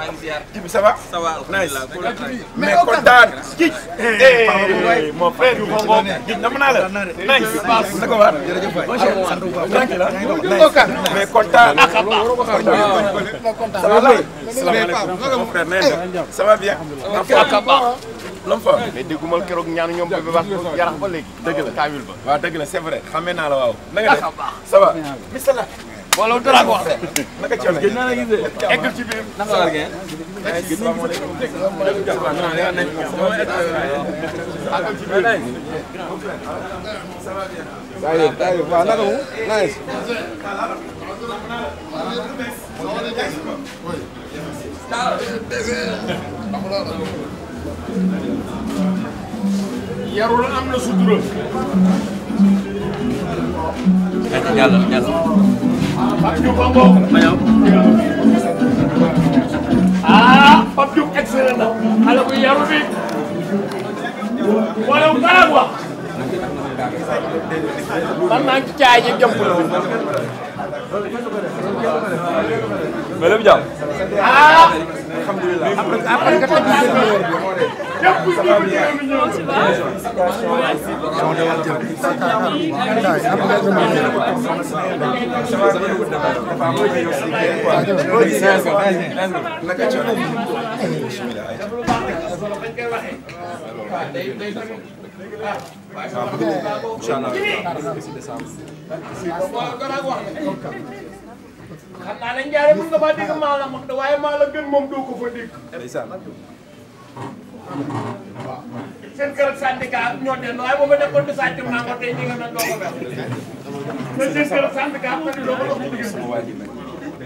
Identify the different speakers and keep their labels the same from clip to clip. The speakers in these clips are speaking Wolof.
Speaker 1: maa ngi ziar. Djibi ça va. mais kontaan. Djij. Eh, eh, eh, mon frère yu ko ngoog naa la. nice. naka waar. a waay. sant bu baax mais kontaan. a va. salaamaaleykum mon frère nee na. ça va bien. lam fa mais dégguma keroog ñaanu ñoom bébé baax yarax ba léegi. kaamil ba. waaw dëgg la c'est vrai xamee naa la waaw. na nga def wala wut dara ko wax de. naka ci gis naa la gis de. egg ci biir naka la gën. waaye waaye waaw naka mu nice. yarul am na sutura. yàlla yàlla. Pape Diop ah Pape Diop excellent na xale bu yaru bi wala mu baax wax man maa ngi ci caay ji jëm la. ah. alhamdulilah après après nga teg seen weer bi ça va bien. waaw bëgg nañ incha allah xam naa ne Ndiaye mën nga faa dégg maa la mag de waaye maa la gën moom doo ko fa dégg. waaw seen kër syndicat ñoo den waaye booba nekkoon di sàcc mango tey ñi nga mel doo ko mel. seen kër syndicat doo ko dox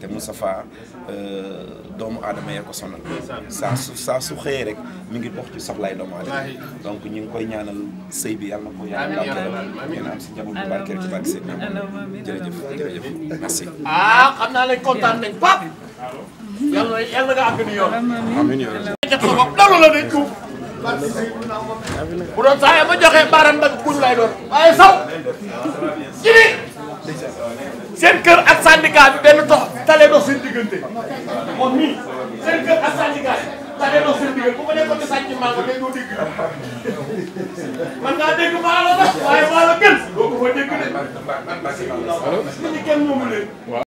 Speaker 1: te Moustapha euh, doomu aadama yee ko sonal saa su saa su xëyee rek mi ngi dox ci soxlaay doomu aadama donc ñu ngi koy ñaanal sëy bi yàlla na ko yàlla barkeel ngeen am si njaboot bu barkeel ci barke Seydina jërëjëf jërëjëf merci ah xam naa ne kontaan nañ pap yàlla yàlla nga àgg ni yoon amiin yoon sa bopp loolu la day tuub bu doon saa ma joxee baaraam nag kuñ lay doon waaye saw jini seen kër ak syndicat bi yooyu bu ko nekkoon di sàcc mango tey doo dégg man ngaa dégg maalo la waaye maalo gën doo ko fa dégg de. allo nit ñi